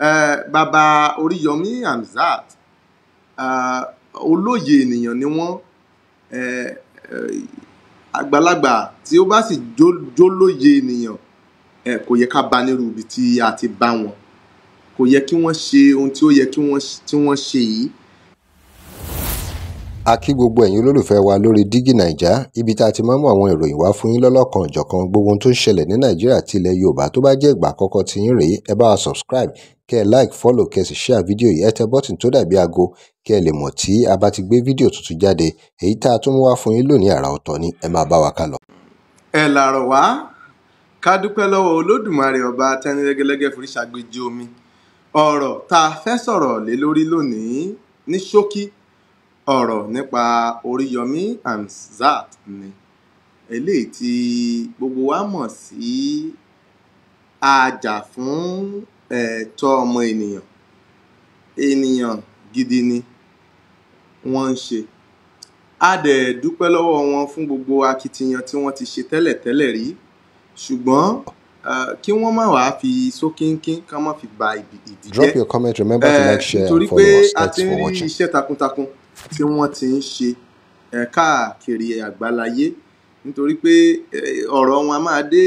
Baba oríyọmí hamzat olóye ènìyàn ni wọ́n àgbàlagbà tí ó bá sì jólóye ènìyàn kò yẹ ká bá nírú ibi tí a ti bá wọn kò yẹ kí wọ́n ṣe ohun tí ó yẹ kí wọ́n ṣe yìí a kí gbogbo ẹ̀yin olólùfẹ́ wa lórí dígí nàìjà ibi tá a ti máa ń mú àwọn ìròyìn wá fún yín lọ́lọ́kan ìjọ̀kan gbogbo ohun tó ń ṣẹlẹ̀ ní nàìjíríà ti ilẹ̀ yorùbá tó bá jẹ́ ìgbà àkọ́kọ́ tí yín rèé ẹ bá wa subscribe kẹ́ ẹ like follow kẹ́ ẹ sì share fídíò yìí ẹ tẹ bọ́tìn tó dàbí aago kẹ́ ẹ lè mọ̀ tí a bá ti gbé fídíò tuntun jáde èyí tá a tún mú wá fún yín lónìí àrà ọ̀tọ̀ ni ẹ máa bá wa ká lọ. ẹ làrọ̀ wá ká dúpẹ́ lọ́wọ́ olódùmarè ọba tẹ́ni rẹ́gẹ́lẹ́gẹ́ omi ọ̀rọ̀ tá a fẹ́ sọ̀rọ̀ lé lórí lónìí ní ṣókí ọ̀rọ̀ nípa Oríyọmí Hamzat ni eléyìí tí gbogbo wa mọ̀ sí ajà fún ẹ̀tọ́ ọmọ ènìyàn ènìyàn gidi ni wọ́n ń ṣe a dẹ̀ dúpẹ́ lọ́wọ́ wọn fún gbogbo akitiyan tí wọ́n ti ṣe tẹ́lẹ̀tẹ́lẹ̀ rí ṣùgbọ́n kí wọ́n má wàá fi sókínkín ká má fi ba ìdí jẹ́ drop your comment remember to like share and follow us thanks for watching. nítorí pé a ti ń rí iṣẹ́ takuntakun tí wọ́n ti ń ṣe káàkiri àgbáláyé nítorí pé ọ̀rọ̀ wọn a máa dé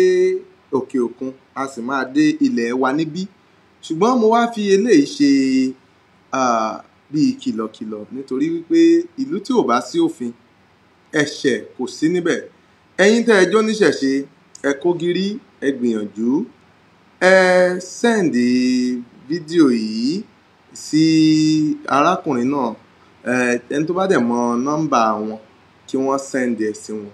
òkè òkun a sì máa dé ilẹ̀ wa níbí ṣùgbọ́n mo wá fi eléyìí ṣe bíi kìlọ̀kìlọ̀ nítorí wípé ìlú tí ò bá sí òfin ẹ̀ṣẹ̀ kò sí níbẹ̀ ẹ̀yin tẹ́ ẹjọ́ níṣẹ̀ṣe ẹ kó gírí ẹ gbìyànjú ẹ sẹ́ǹdì fídíò yìí sí arákùnrin náà ẹni tó bá dẹ̀ mọ nọ́mbà wọn kí wọ́n sẹ́ndì ẹ̀ sí wọn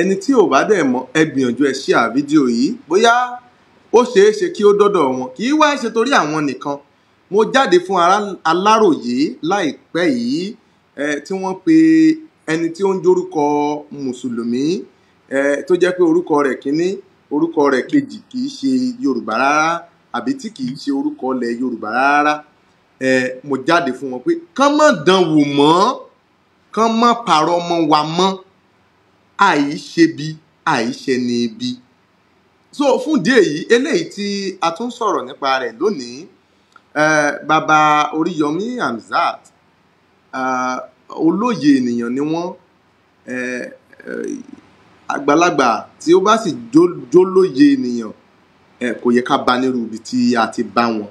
ẹni tí ò bá dẹ̀ mọ ẹ gbìyànjú ẹ ṣí à fídíò yìí bóyá ó ṣeé ṣe kí ó dọ́dọ̀ wọn kì í wá ṣe torí àwọn nìkan mo jáde fún aláròyé láìpẹ́ yìí ẹ tí wọ́n pe ẹni tí ó ń jórúkọ mùsùlùmí ẹ tó jẹ́ pé orúkọ rẹ̀ kínní orúkọ rẹ̀ kejì kì í ṣe yorùbá rárá àbí tí kì í ṣe orúkọ ilẹ̀ yorùbá rárá ẹ mo jáde fún wọn pé kán má dán wò mọ́ kán má parọ́ mọ́ wa mọ́ àìṣebi àìṣẹni so fún ìdí èyí eléyìí tí a tún sọ̀rọ̀ nípa rẹ̀ lónìí bàbá Oríyọmí Hamzat olóye ènìyàn ni wọ́n àgbàlagbà tí ó bá sì jólóye ènìyàn kò yẹ ká bá nírú ibi tí a ti bá wọn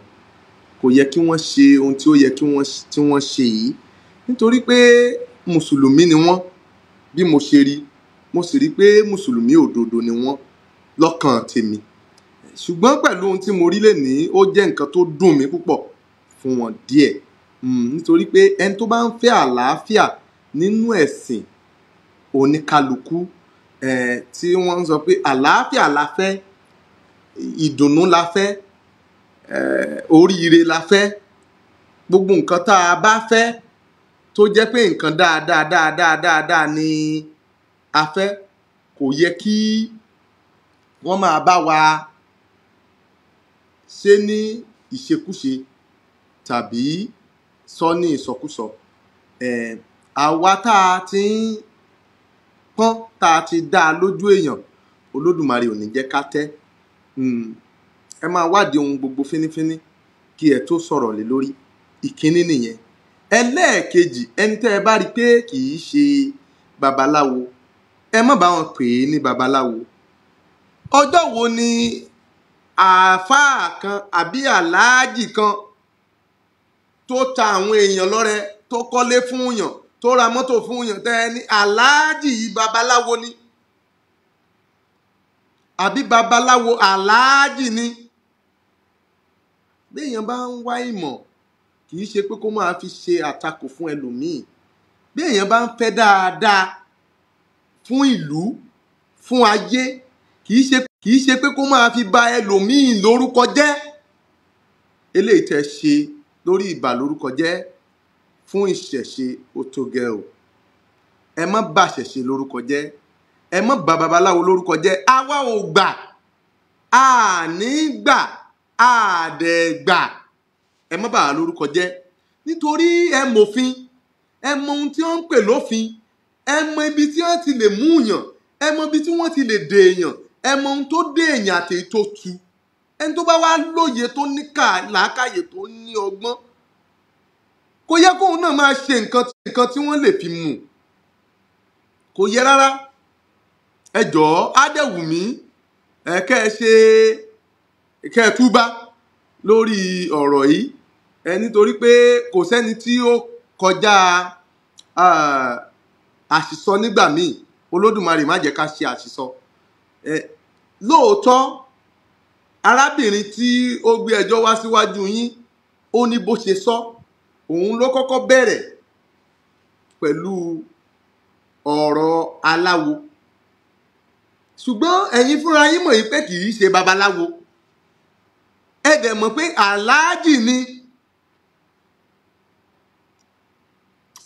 kò yẹ kí wọ́n ṣe ohun tí ó yẹ kí wọ́n ṣe yìí nítorí pé mùsùlùmí ni wọ́n bí mo ṣe rí mo sì rí pé mùsùlùmí òdodo ni wọ́n lọ́kàn tèmi ṣùgbọ́n pẹ̀lú ohun tí mo rí lẹ́ni ó jẹ́ nǹkan tó dùn mí púpọ̀ fún wọn díẹ̀ hmm, nítorí pé ẹni tó bá ń fẹ́ àlàáfíà nínú ẹ̀sìn oníkálukú eh, tí wọ́n ń sọ pé àlàáfíà la fẹ́ ìdùnnú la fẹ́ Eh, oríire la fẹ́ gbogbo nǹkan tá a bá fẹ́ tó jẹ́ pé nǹkan dáadáa dáadáa dáadáa ni a fẹ́ kò yẹ kí wọ́n máa bá wa ṣe ní ìṣekúṣe tàbí sọ ní ìsọkúsọ eh, àwa tá a ti ń pọ́n tá a ti dá a lójú èèyàn olódùmarè ò ní jẹ́ ká tẹ́ hmm ẹ máa wádìí ohun gbogbo fínífíní kí ẹ tó sọ̀rọ̀ lé lórí ìkíní nìyẹn ẹlẹ́ẹ̀kejì ẹni tẹ́ ẹ bá rí i pé kì í ṣe babaláwo ẹ má bá pè é ní babaláwo ọjọ́ wo ni àáfàá kan àbí aláàjì kan tó ta àwọn èèyàn lọ́rẹ tó kọ́lé fún yàn tó ra mọ́tò fún yàn tẹ́ ẹ ní aláàjì yìí babaláwo ni ni. Àbí, babaláwo, aláàjì, ni béèyàn bá ń wá ìmọ̀ kì í ṣe pé kó máa fi ṣe àtakò fún ẹlòmíì béèyàn bá ń fẹ́ dáadáa fún ìlú fún ayé kì í ṣe kì í ṣe pé kó máa fi ba ẹlòmíì lórúkọ jẹ́ eléyìí tẹ́ ṣe lórí ìbà lórúkọ jẹ́ fún ìṣẹ̀ṣe ó tó gẹ́ o ẹ má bà ṣẹ̀ṣe lórúkọ jẹ́ ẹ má bà babaláwo lórúkọ jẹ́ àwa ò gbà àní gbà àdẹ̀gbà ẹ má bàa lórúkọ jẹ́ nítorí ẹ mọ̀fin ẹ mọ ohun tí wọ́n ń pè lófin ẹ mọ ibi tí wọ́n ti lè mú yàn ẹ mọ ibi tí wọ́n ti lè dè èèyàn ẹ mọ ohun tó dè èèyàn àti èyí tó tu ẹni tó bá wá lóye tó ní kà làákàyè tó ní ọgbọ́n kò yẹ kóun náà máa ṣe nǹkan tí wọ́n lè fi mú kò yẹ rárá ẹ jọ̀ọ́ á dẹ̀ wù mí ẹ kẹ́ ẹ ṣe kẹtúbá lórí ọ̀rọ̀ yìí ẹ nítorí pé kò sẹ́ni tí ó kọjá àṣìsọ nígbà míì olódùmarè má jẹ́ ká ṣe àṣìsọ ẹ lóòótọ́ arábìnrin tí ó gbé ẹjọ́ wá síwájú yín ó ní bó ṣe sọ òun ló kọ́kọ́ bẹ̀rẹ̀ pẹ̀lú ọ̀rọ̀ aláwo ṣùgbọ́n ẹ̀yin fúnra yín mọ̀ yìí pé kì í ṣe babaláwo dẹ̀ mọ̀ pé aláàjì ni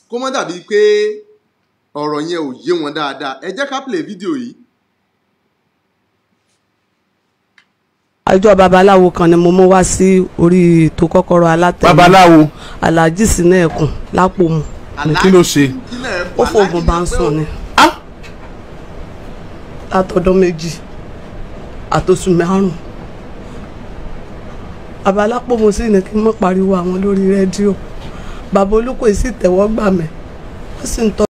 kó mọ́ dàbí pé ọ̀rọ̀ yẹn ò yé wọn dáadáa ẹ jẹ́ ká play fídíò yìí. àjọ babaláwo kan ni mo mú wá sí orí ètò kọ́kọ́rọ́ alátẹ̀wé babaláwo aláàjì sínú ẹ̀kùn lápò mu. kí ló ṣe. ó fòògùn bá ń sùn ni. Ah! látọdún méjì àtọ̀sùn márùn-ún bàbá alápòmù ni ní kí n mọ̀ pariwo àwọn lórí rédíò bàbá olùkọ́ sì tẹ̀wọ́ gbà mí wọ́n sì ń tọ́